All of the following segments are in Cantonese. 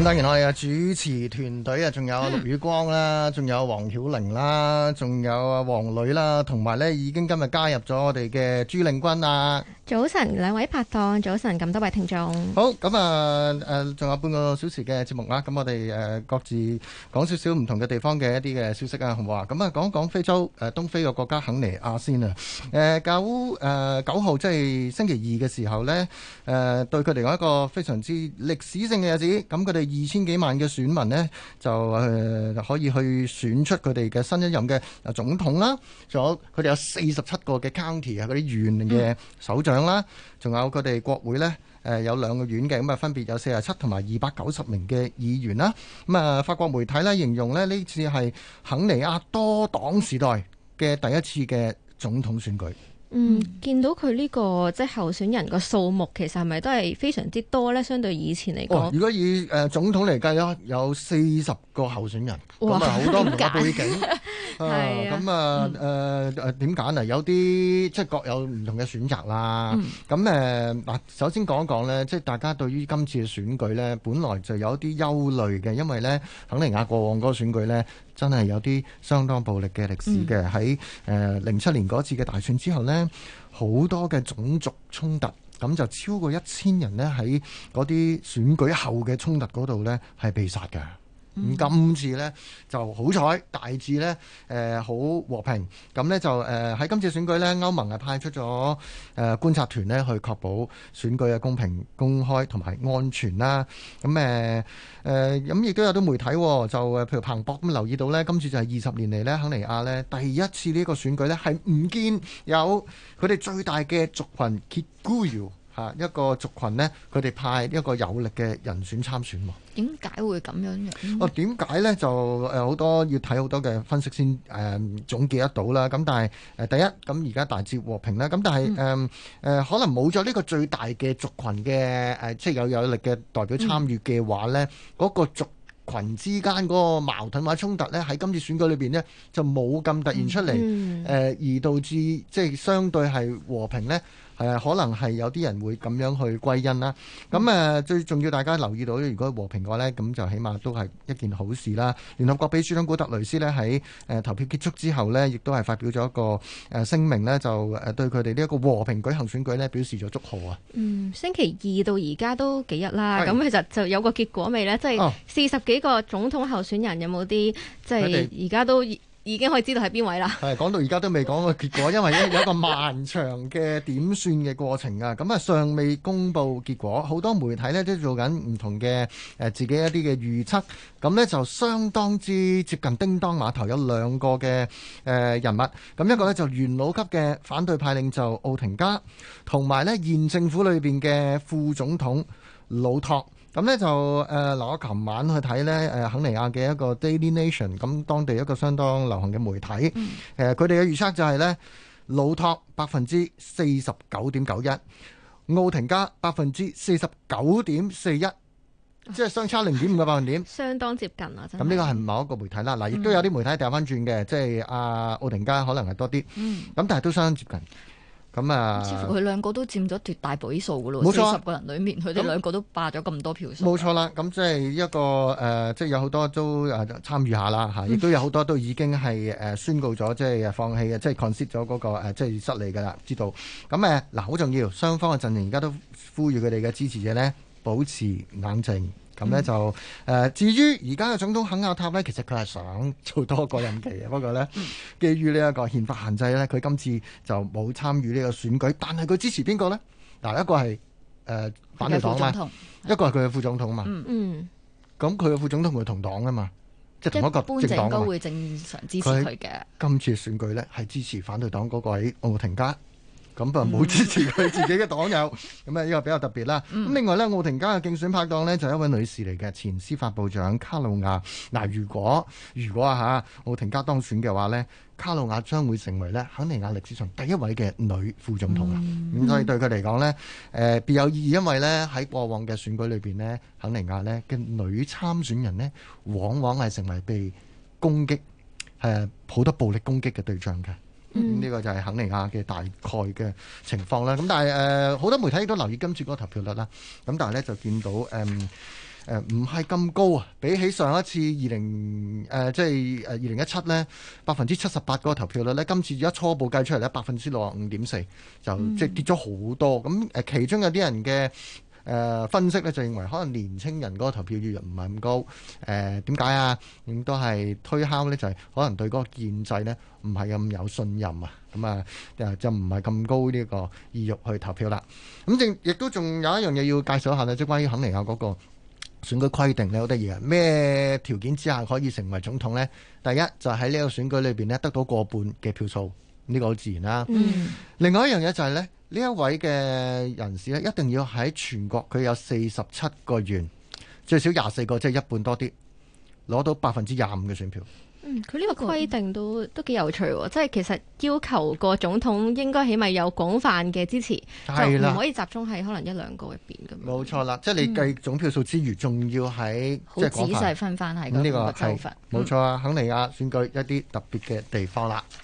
咁當然我哋主持團隊啊，仲有陸宇光啦，仲有黃曉玲啦，仲有黃磊啦，同埋咧已經今日加入咗我哋嘅朱令筠啦。早晨，兩位拍檔，早晨咁多位聽眾。好，咁啊，誒，仲有半個小時嘅節目啦，咁我哋誒各自講少少唔同嘅地方嘅一啲嘅消息啊，好唔好啊？咁啊，講講非洲，誒東非嘅國家肯尼亞先啊，誒九誒九號即係星期二嘅時候咧，誒對佢哋講一個非常之歷史性嘅日子，咁佢哋二千幾萬嘅選民咧就誒可以去選出佢哋嘅新一任嘅總統啦，仲有佢哋有四十七個嘅 county 啊，嗰啲縣嘅首長。啦，仲有佢哋國會呢，誒有兩個院嘅，咁啊分別有四十七同埋二百九十名嘅議員啦。咁啊，法國媒體呢，形容呢呢次係肯尼亞多黨時代嘅第一次嘅總統選舉。嗯，見到佢呢、這個即係候選人個數目，其實係咪都係非常之多咧？相對以前嚟講、哦，如果以誒、呃、總統嚟計啦，有四十個候選人，咁啊好多唔同嘅背景、 呃、啊，咁啊誒誒點揀啊？有啲即係各有唔同嘅選擇啦。咁誒嗱，首先講一講咧，即係大家對於今次嘅選舉咧，本來就有啲憂慮嘅，因為咧，肯尼亞過往嗰個選舉咧。真係有啲相當暴力嘅歷史嘅，喺誒零七年嗰次嘅大選之後呢，好多嘅種族衝突，咁就超過一千人呢。喺嗰啲選舉後嘅衝突嗰度呢，係被殺嘅。咁、嗯、今次呢就好彩，大致呢誒好、呃、和平，咁呢就誒喺、呃、今次選舉呢，歐盟係派出咗誒、呃、觀察團呢去確保選舉嘅公平、公開同埋安全啦。咁誒誒咁亦都有啲媒體、哦、就誒譬如彭博咁留意到呢，今次就係二十年嚟呢，肯尼亞呢第一次呢個選舉呢，係唔見有佢哋最大嘅族群 Kikuyu 啊！一個族群呢，佢哋派一個有力嘅人選參選喎。點解會咁樣樣？哦、啊，點解呢？就誒好、呃、多要睇好多嘅分析先誒、呃、總結得到啦。咁但係誒、呃、第一，咁而家大致和平啦。咁但係誒誒可能冇咗呢個最大嘅族群嘅誒、呃，即係有有力嘅代表參與嘅話呢嗰、嗯、個族群之間嗰個矛盾或者衝突呢，喺今次選舉裏邊呢，就冇咁突然出嚟誒、嗯呃，而導致即係相對係和平呢。係可能係有啲人會咁樣去歸因啦。咁誒最重要，大家留意到，如果和平嘅話呢，咁就起碼都係一件好事啦。聯合國秘書長古特雷斯呢，喺誒投票結束之後呢，亦都係發表咗一個誒聲明呢，就誒對佢哋呢一個和平舉行選舉呢表示咗祝賀啊。嗯，星期二到而家都幾日啦。咁係其實就有個結果未呢？即係四十幾個總統候選人有冇啲即係而家都。已經可以知道係邊位啦。係講 到而家都未講個結果，因為有有一個漫長嘅點算嘅過程啊。咁啊，尚未公布結果，好多媒體呢，都做緊唔同嘅誒自己一啲嘅預測。咁呢，就相當之接近，叮噹馬頭有兩個嘅誒人物。咁一個呢，就元老級嘅反對派領袖奧廷加，同埋呢現政府裏邊嘅副總統魯托。咁呢就誒，嗱、呃、我琴晚去睇呢誒、呃、肯尼亞嘅一個 Daily Nation，咁當地一個相當流行嘅媒體，誒佢哋嘅預測就係呢：魯托百分之四十九點九一，奧廷加百分之四十九點四一，即係相差零點五個百分點，哦、 相當接近啦。咁呢個係某一個媒體啦，嗱，亦都有啲媒體掉翻轉嘅，嗯、即係阿、啊、奧廷加可能係多啲，咁、嗯、但係都相當接近。咁啊，佢、嗯、兩個都佔咗大倍數噶咯，十、啊、個人裡面，佢哋兩個都霸咗咁多票數。冇錯啦，咁即係一個誒，即、呃、係、就是、有好多都誒參與下啦嚇，亦都有好多都已經係誒宣告咗，即、就、係、是、放棄嘅，即係 concede 咗嗰個即係、就是、失利噶啦，知道。咁誒嗱，好、呃、重要，雙方嘅陣營而家都呼籲佢哋嘅支持者呢，保持冷靜。咁咧就誒，嗯、至於而家嘅總統肯亞塔呢，其實佢係想做多個任期嘅， 不過呢，基於呢一個憲法限制呢，佢今次就冇參與呢個選舉，但係佢支持邊個呢？嗱，一個係誒反對黨，一個係佢嘅副總統嘛。嗯，咁佢嘅副總統佢的、嗯、同黨啊嘛，嗯、即係同一個政黨。一般會正常支持佢嘅。今次選舉呢，係支持反對黨嗰個喺奧廷加。咁啊，冇支持佢自己嘅黨友，咁啊，呢個比較特別啦。咁、嗯、另外咧，奧廷加嘅競選拍檔呢，就是、一位女士嚟嘅前司法部長卡魯亞。嗱、啊，如果如果嚇、啊、奧廷加當選嘅話呢，卡魯亞將會成為咧肯尼亞歷史上第一位嘅女副總統。咁、嗯、所以對佢嚟講呢，誒別、呃、有意義，因為呢喺過往嘅選舉裏邊呢，肯尼亞咧嘅女參選人呢，往往係成為被攻擊，誒、呃、好多暴力攻擊嘅對象嘅。呢、嗯這個就係肯尼亞嘅大概嘅情況啦。咁但係誒，好、呃、多媒體亦都留意今次嗰個投票率啦。咁但係呢，就見到誒誒唔係咁高啊。比起上一次二零誒，即係二零一七呢，百分之七十八嗰個投票率呢，今次而家初步計出嚟呢，百分之六十五點四，就即係跌咗好多。咁誒、嗯，其中有啲人嘅。誒、呃、分析呢就認為可能年青人嗰投票意願唔係咁高，誒點解啊？都係推敲呢，就係、是、可能對嗰個建制呢唔係咁有信任啊，咁、呃、啊就唔係咁高呢個意欲去投票啦。咁正亦都仲有一樣嘢要介紹一下呢，即係關於肯尼亞嗰個選舉規定呢。好得意嘅，咩條件之下可以成為總統呢？第一就喺、是、呢個選舉裏邊呢，得到過半嘅票數，呢、這個好自然啦、啊。嗯、另外一樣嘢就係呢。呢一位嘅人士咧，一定要喺全國，佢有四十七個縣，最少廿四個，即係一半多啲，攞到百分之廿五嘅選票。嗯，佢呢個規定都都幾有趣喎，即係其實要求個總統應該起碼有廣泛嘅支持，就唔可以集中喺可能一兩個入邊咁樣。冇錯啦，嗯、即係你計總票數之餘，仲要喺好、嗯、仔細分翻喺個州份。冇錯啊，嗯、肯尼亞選舉一啲特別嘅地方啦。嗯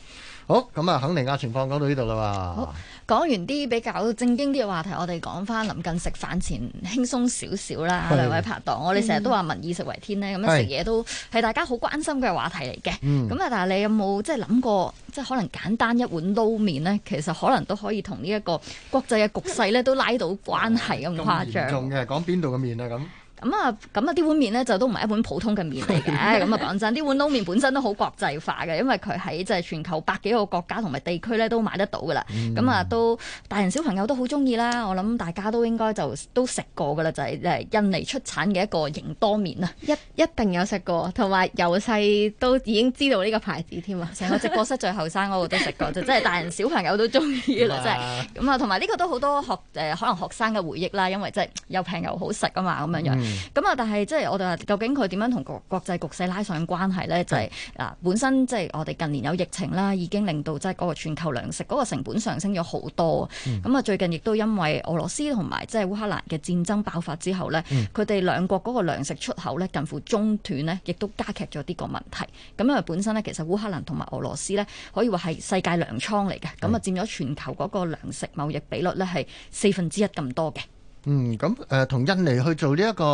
好，咁啊，肯尼亞情況講到呢度啦嘛。好，講完啲比較正經啲嘅話題，我哋講翻臨近食飯前輕鬆少少啦，的兩位拍檔。我哋成日都話民以食為天咧，咁、嗯、樣食嘢都係大家好關心嘅話題嚟嘅。咁啊的，但係你有冇即係諗過，即係可能簡單一碗撈麵咧，其實可能都可以同呢一個國際嘅局勢咧都拉到關係咁誇張。仲嚴重嘅，講邊度嘅麵啊咁？咁啊，咁啊，呢碗麵咧就都唔係一碗普通嘅麵嚟嘅。咁啊， 講真，呢碗撈麵本身都好國際化嘅，因為佢喺即係全球百幾個國家同埋地區咧都買得到噶啦。咁啊、嗯，都大人小朋友都好中意啦。我諗大家都應該就都食過噶啦，就係、是、印尼出產嘅一個營多麵啊。一一定有食過，同埋由細都已經知道呢個牌子添啊！成個直播室最後生嗰個都食過， 就真係大人小朋友都中意啦，即係哇。咁啊，同埋呢個都好多學可能學生嘅回憶啦，因為即係又平又好食啊嘛，咁樣樣。咁啊，嗯、但係即係我哋話，究竟佢點樣同國國際局勢拉上關係咧？就係、是、嗱，嗯、本身即係、就是、我哋近年有疫情啦，已經令到即係嗰個全球糧食嗰個成本上升咗好多。咁啊、嗯，嗯、最近亦都因為俄羅斯同埋即係烏克蘭嘅戰爭爆發之後咧，佢哋、嗯、兩國嗰個糧食出口咧近乎中斷咧，亦都加劇咗呢個問題。咁因為本身咧，其實烏克蘭同埋俄羅斯咧，可以話係世界糧倉嚟嘅，咁啊、嗯、佔咗全球嗰個糧食貿易比率咧係四分之一咁多嘅。嗯，咁誒，同、呃、印尼去做呢一個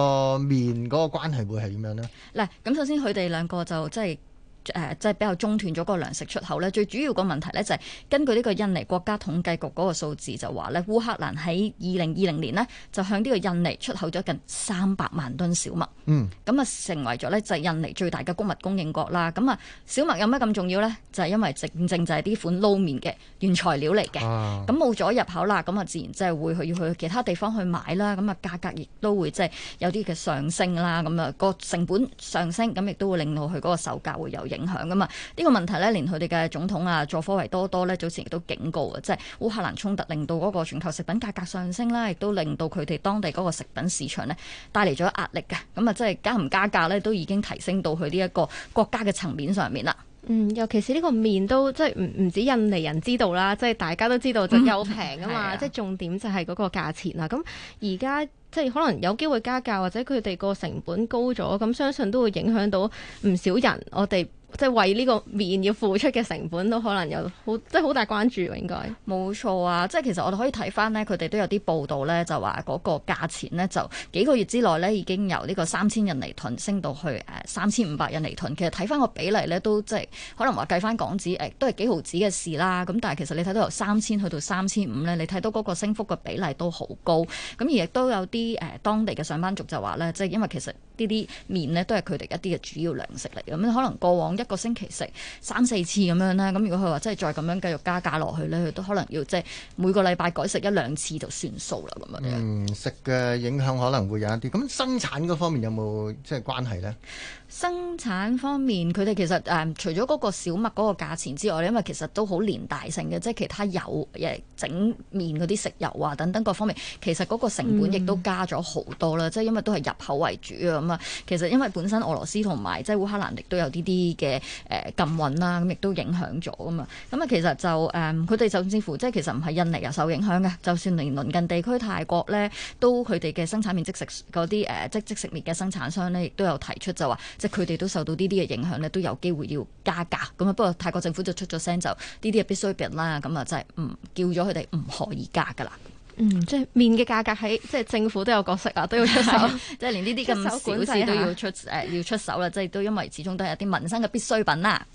麵嗰個關係會係點樣咧？嗱，咁首先佢哋兩個就即係。誒即係比較中斷咗個糧食出口咧，最主要個問題咧就係、是、根據呢個印尼國家統計局嗰個數字就話咧，烏克蘭喺二零二零年呢，就向呢個印尼出口咗近三百萬噸小麥，嗯，咁啊成為咗咧就係印尼最大嘅穀物供應國啦。咁啊，小麥有咩咁重要咧？就係、是、因為正正就係呢款撈麵嘅原材料嚟嘅，咁冇咗入口啦，咁啊自然即係會去要去其他地方去買啦，咁啊價格亦都會即係有啲嘅上升啦，咁、那、啊個成本上升，咁亦都會令到佢嗰個售價會有影響噶嘛？呢個問題呢，連佢哋嘅總統啊，佐科維多多呢，早前亦都警告啊，即係烏克蘭衝突令到嗰個全球食品價格上升啦，亦都令到佢哋當地嗰個食品市場呢帶嚟咗壓力嘅。咁啊，即係加唔加價呢，都已經提升到去呢一個國家嘅層面上面啦。嗯，尤其是呢個面都即係唔唔止印尼人知道啦，即係大家都知道就又平噶嘛，嗯啊、即係重點就係嗰個價錢啦。咁而家即係可能有機會加價或者佢哋個成本高咗，咁相信都會影響到唔少人。我哋即係為呢個麵要付出嘅成本都可能有好，即係好大關注喎，應該。冇錯啊，即係其實我哋可以睇翻呢，佢哋都有啲報道呢，就話嗰個價錢呢就幾個月之內呢已經由呢個三千印尼盾升到去誒三千五百印尼盾。其實睇翻個比例呢，都即係可能話計翻港紙誒都係幾毫子嘅事啦。咁但係其實你睇到由三千去到三千五呢，你睇到嗰個升幅嘅比例都好高。咁而亦都有啲誒當地嘅上班族就話呢，即係因為其實。呢啲麵咧都係佢哋一啲嘅主要糧食嚟，咁樣可能過往一個星期食三四次咁樣啦。咁如果佢話即係再咁樣繼續加價落去咧，佢都可能要即係每個禮拜改食一兩次就算數啦，咁樣。嗯，食嘅影響可能會有一啲，咁生產嗰方面有冇即係關係咧？生產方面，佢哋其實誒、啊、除咗嗰個小麥嗰個價錢之外，因為其實都好連帶性嘅，即係其他油誒整麵嗰啲食油啊等等各方面，其實嗰個成本亦都加咗好多啦，即係、嗯、因為都係入口為主啊。咁啊，其實因為本身俄羅斯同埋即係烏克蘭，亦都有呢啲嘅誒禁運啦，咁亦都影響咗啊嘛。咁啊，其實就誒，佢哋甚至乎即係其實唔係印尼又受影響嘅，就算連鄰近地區泰國咧，都佢哋嘅生產面積食嗰啲誒即即食麵嘅生產商咧，亦都有提出就話，即係佢哋都受到呢啲嘅影響咧，都有機會要加價。咁啊，不過泰國政府就出咗聲，就呢啲係必須別啦，咁啊就係唔叫咗佢哋唔可以加噶啦。嗯，即係麵嘅價格喺 即係政府都有角色啊，都要出手， 即係連呢啲咁小事都要出誒、 呃，要出手啦，即係都因為始終都係一啲民生嘅必需品啦。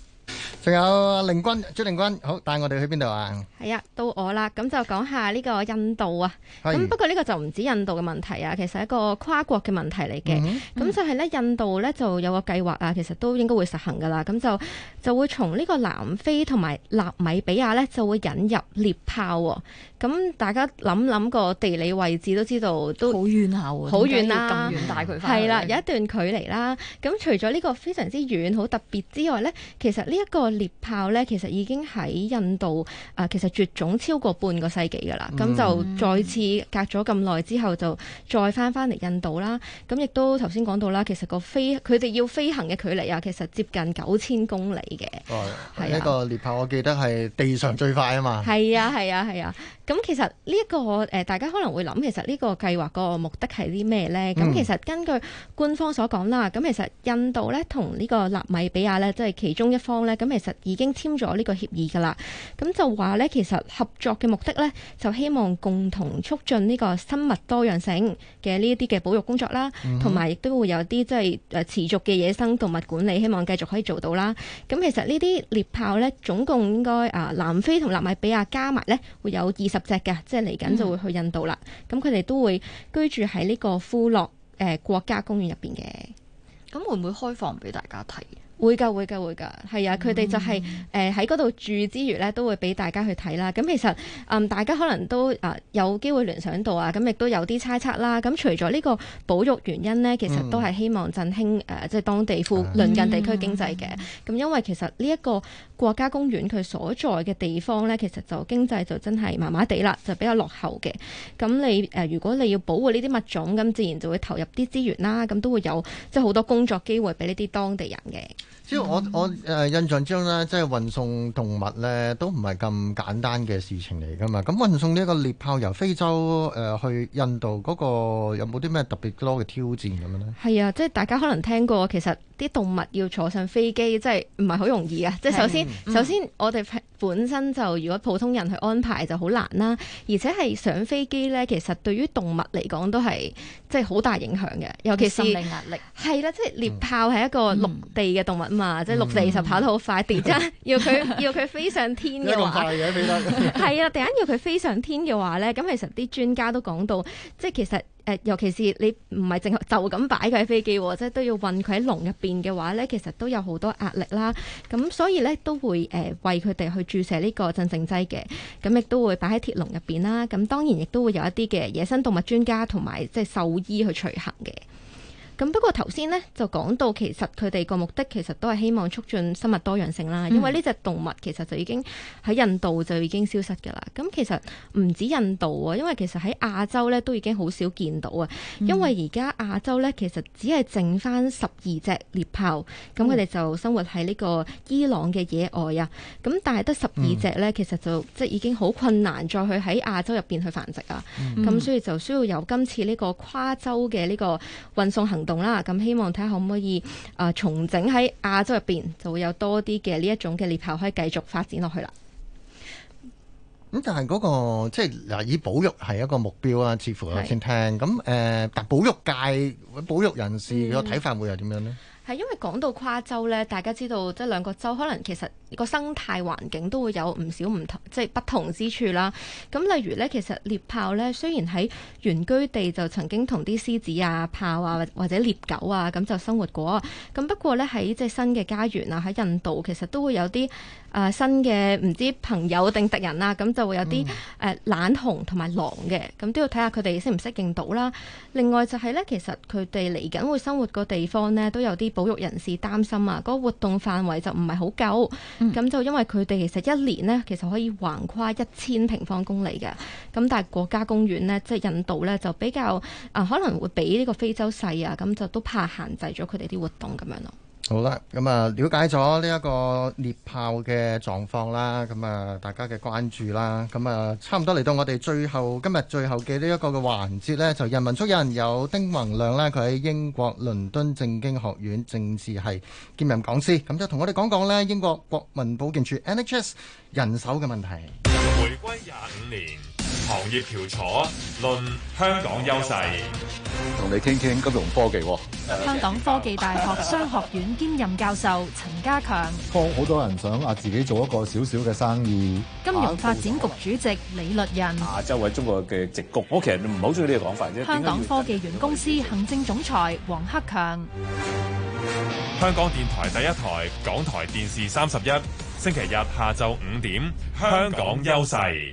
仲有令筠朱令筠，好，帶我哋去邊度啊？係啊，到我啦。咁就講下呢個印度啊。咁是不過呢個就唔止印度嘅問題啊，其實係一個跨國嘅問題嚟嘅。咁、嗯、就係咧，印度咧就有個計劃啊，其實都應該會實行噶啦。咁就就會從呢個南非同埋納米比亞咧，就會引入獵豹，啊。咁大家諗諗個地理位置都知道，都好遠下喎，好遠啦，咁遠帶佢翻嚟係啦，有一段距離啦，啊。咁除咗呢個非常之遠、好特別之外咧，其實呢、這、一個。獵豹咧，其實已經喺印度啊、呃，其實絕種超過半個世紀噶啦。咁、嗯、就再次隔咗咁耐之後，就再翻翻嚟印度啦。咁亦都頭先講到啦，其實個飛佢哋要飛行嘅距離啊，其實接近九千公里嘅。哦，係一、啊、個獵豹，我記得係地上最快啊嘛。係、嗯、啊，係啊，係啊。咁、啊嗯、其實呢、這、一個誒、呃，大家可能會諗，其實呢個計劃個目的係啲咩咧？咁、嗯、其實根據官方所講啦，咁其實印度咧同呢個納米比亞咧，都係其中一方咧，咁其實已經簽咗呢個協議噶啦，咁就話咧，其實合作嘅目的咧，就希望共同促進呢個生物多樣性嘅呢一啲嘅保育工作啦，同埋亦都會有啲即係誒持續嘅野生動物管理，希望繼續可以做到啦。咁其實獵呢啲獵豹咧，總共應該啊南非同納米比亞加埋咧會有二十隻嘅，即係嚟緊就會去印度啦。咁佢哋都會居住喺呢個富洛誒、呃、國家公園入邊嘅。咁會唔會開放俾大家睇？會㗎會㗎會㗎，係啊！佢哋就係誒喺嗰度住之餘咧，都會俾大家去睇啦。咁其實嗯，大家可能都啊、呃、有機會聯想到啊，咁亦都有啲猜測啦。咁除咗呢個保育原因咧，其實都係希望振興誒、呃、即係當地附鄰近地區經濟嘅。咁、嗯、因為其實呢、這、一個，國家公園佢所在嘅地方呢，其實就經濟就真係麻麻地啦，就比較落後嘅。咁你誒、呃，如果你要保護呢啲物種，咁自然就會投入啲資源啦，咁都會有即係好多工作機會俾呢啲當地人嘅。即我我誒、呃、印象中咧，即係運送動物咧都唔係咁簡單嘅事情嚟㗎嘛。咁運送呢個獵豹由非洲誒、呃、去印度嗰、嗰個，有冇啲咩特別多嘅挑戰咁樣咧？係啊，即係大家可能聽過，其實啲動物要坐上飛機，即係唔係好容易啊！即係首先首先，嗯、首先我哋本身就如果普通人去安排就好難啦。而且係上飛機咧，其實對於動物嚟講都係即係好大影響嘅，尤其是心理壓力係啦、啊。即係獵豹係一個陸地嘅動物。即係六四十跑得好快，突然間要佢要佢飛上天嘅，咁大嘅飛機，係啊，突然間要佢飛上天嘅話咧，咁其實啲專家都講到，即係其實誒、呃，尤其是你唔係淨係就咁擺佢喺飛機，即係都要運佢喺籠入邊嘅話咧，其實都有好多壓力啦。咁所以咧都會誒、呃、為佢哋去注射呢個鎮靜劑嘅，咁亦都會擺喺鐵籠入邊啦。咁當然亦都會有一啲嘅野生動物專家同埋即係獸醫去隨行嘅。咁不過頭先咧就講到，其實佢哋個目的其實都係希望促進生物多樣性啦。嗯、因為呢隻動物其實就已經喺印度就已經消失㗎啦。咁其實唔止印度啊，因為其實喺亞洲咧都已經好少見到啊。因為而家亞洲咧其實只係剩翻十二隻獵豹，咁佢哋就生活喺呢個伊朗嘅野外啊。咁但係得十二隻咧，嗯、其實就即係已經好困難再去喺亞洲入邊去繁殖啊。咁、嗯、所以就需要有今次呢個跨洲嘅呢個運送行動啦，咁希望睇下可唔可以啊重整喺亞洲入邊，就會有多啲嘅呢一種嘅獵豹可以繼續發展落去啦。咁但係嗰個即係嗱，以保育係一個目標啊，似乎我先聽咁誒是、呃，但保育界保育人士個睇法會又點樣呢？嗯係因為講到跨州咧，大家知道即係兩個州可能其實個生態環境都會有唔少唔同，即係不同之處啦。咁例如咧，其實獵豹咧雖然喺原居地就曾經同啲獅子啊、豹啊或者獵狗啊咁就生活過啊，咁不過咧喺即係新嘅家園啊，喺印度其實都會有啲。誒、呃、新嘅唔知朋友定敵人啊，咁就會有啲誒懶熊同埋狼嘅，咁都要睇下佢哋適唔適應到啦。另外就係咧，其實佢哋嚟緊會生活個地方咧，都有啲保育人士擔心啊，嗰、那個活動範圍就唔係好夠。咁、嗯、就因為佢哋其實一年咧，其實可以橫跨一千平方公里嘅。咁但係國家公園咧，即係印度咧，就比較啊、呃、可能會比呢個非洲細啊，咁就都怕限制咗佢哋啲活動咁樣咯。好啦，咁啊了解咗呢一個獵豹嘅狀況啦，咁啊大家嘅關注啦，咁啊差唔多嚟到我哋最後今日最後嘅呢一個嘅環節咧，就人文足印有丁宏量咧，佢喺英國倫敦政經學院政治系兼任講師，咁就同我哋講講咧英國國民保健署 NHS 人手嘅問題。回歸廿五年。行業翹楚論香港優勢，同你傾傾金融科技。香港科技大學商學院兼任教授陳家強。好 多人想啊自己做一個小小嘅生意。金融發展局主席李律仁。啊，周圍中國嘅直局，我其實唔好中意呢個講法啫。香港科技園公司行政總裁黃克強。香港電台第一台，港台電視三十一，星期日下晝五點，香港優勢。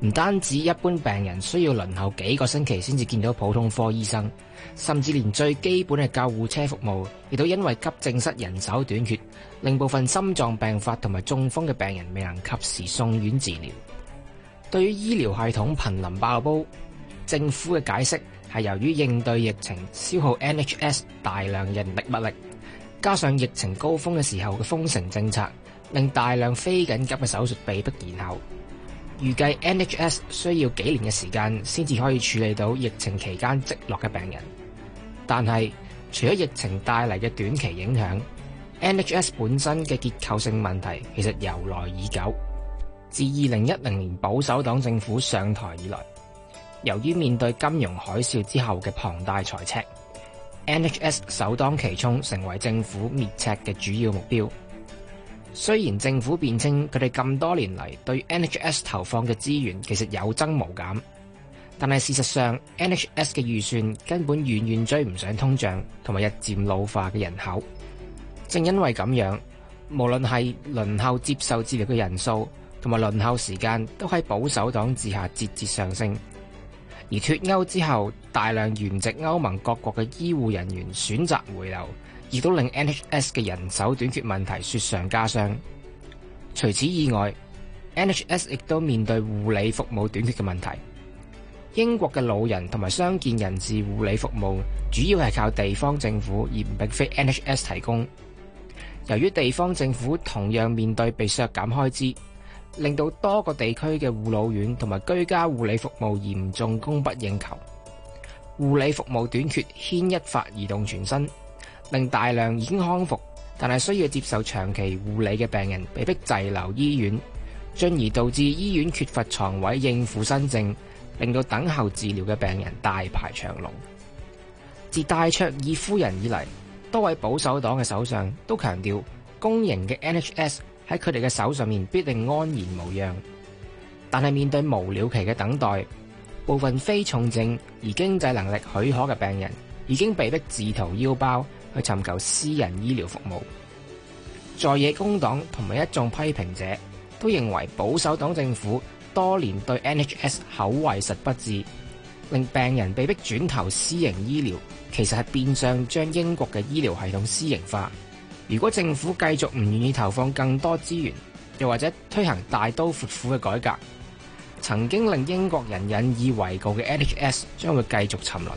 唔單止一般病人需要輪候幾個星期先至見到普通科醫生，甚至連最基本嘅救護車服務亦都因為急症室人手短缺，令部分心臟病發同埋中風嘅病人未能及時送院治療。對於醫療系統瀕臨爆煲，政府嘅解釋係由於應對疫情消耗 NHS 大量人力物力，加上疫情高峰嘅時候嘅封城政策，令大量非緊急嘅手術被迫延後。預計 NHS 需要幾年嘅時間先至可以處理到疫情期間積落嘅病人，但係除咗疫情帶嚟嘅短期影響，NHS 本身嘅結構性問題其實由來已久。自二零一零年保守黨政府上台以來，由於面對金融海嘯之後嘅龐大財赤，NHS 首當其衝成為政府滅赤嘅主要目標。雖然政府辯稱佢哋咁多年嚟對 NHS 投放嘅資源其實有增無減，但係事實上 NHS 嘅預算根本遠遠追唔上通脹同埋日漸老化嘅人口。正因為咁樣，無論係輪候接受治療嘅人數同埋輪候時間，都喺保守黨治下節節上升。而脱歐之後，大量原籍歐盟各國嘅醫護人員選擇回流。亦都令 NHS 嘅人手短缺問題雪上加霜。除此以外，NHS 亦都面對護理服務短缺嘅問題。英國嘅老人同埋傷健人士護理服務主要係靠地方政府，而並非 NHS 提供。由於地方政府同樣面對被削減開支，令到多個地區嘅護老院同埋居家護理服務嚴重供不應求。護理服務短缺牽一髮而動全身。令大量已經康復但係需要接受長期護理嘅病人被迫滯留醫院，進而導致醫院缺乏床位應付新症，令到等候治療嘅病人大排長龍。自戴卓爾夫人以嚟，多位保守黨嘅首相都強調公營嘅 NHS 喺佢哋嘅手上面必定安然無恙。但係面對無了期嘅等待，部分非重症而經濟能力許可嘅病人已經被迫自掏腰包，去尋求私人醫療服務，在野工黨同埋一眾批評者都認為保守黨政府多年對 NHS 口惠實不至，令病人被迫轉投私營醫療，其實係變相將英國嘅醫療系統私營化。如果政府繼續唔願意投放更多資源，又或者推行大刀闊斧嘅改革，曾經令英國人引以為傲嘅 NHS 將會繼續沉淪。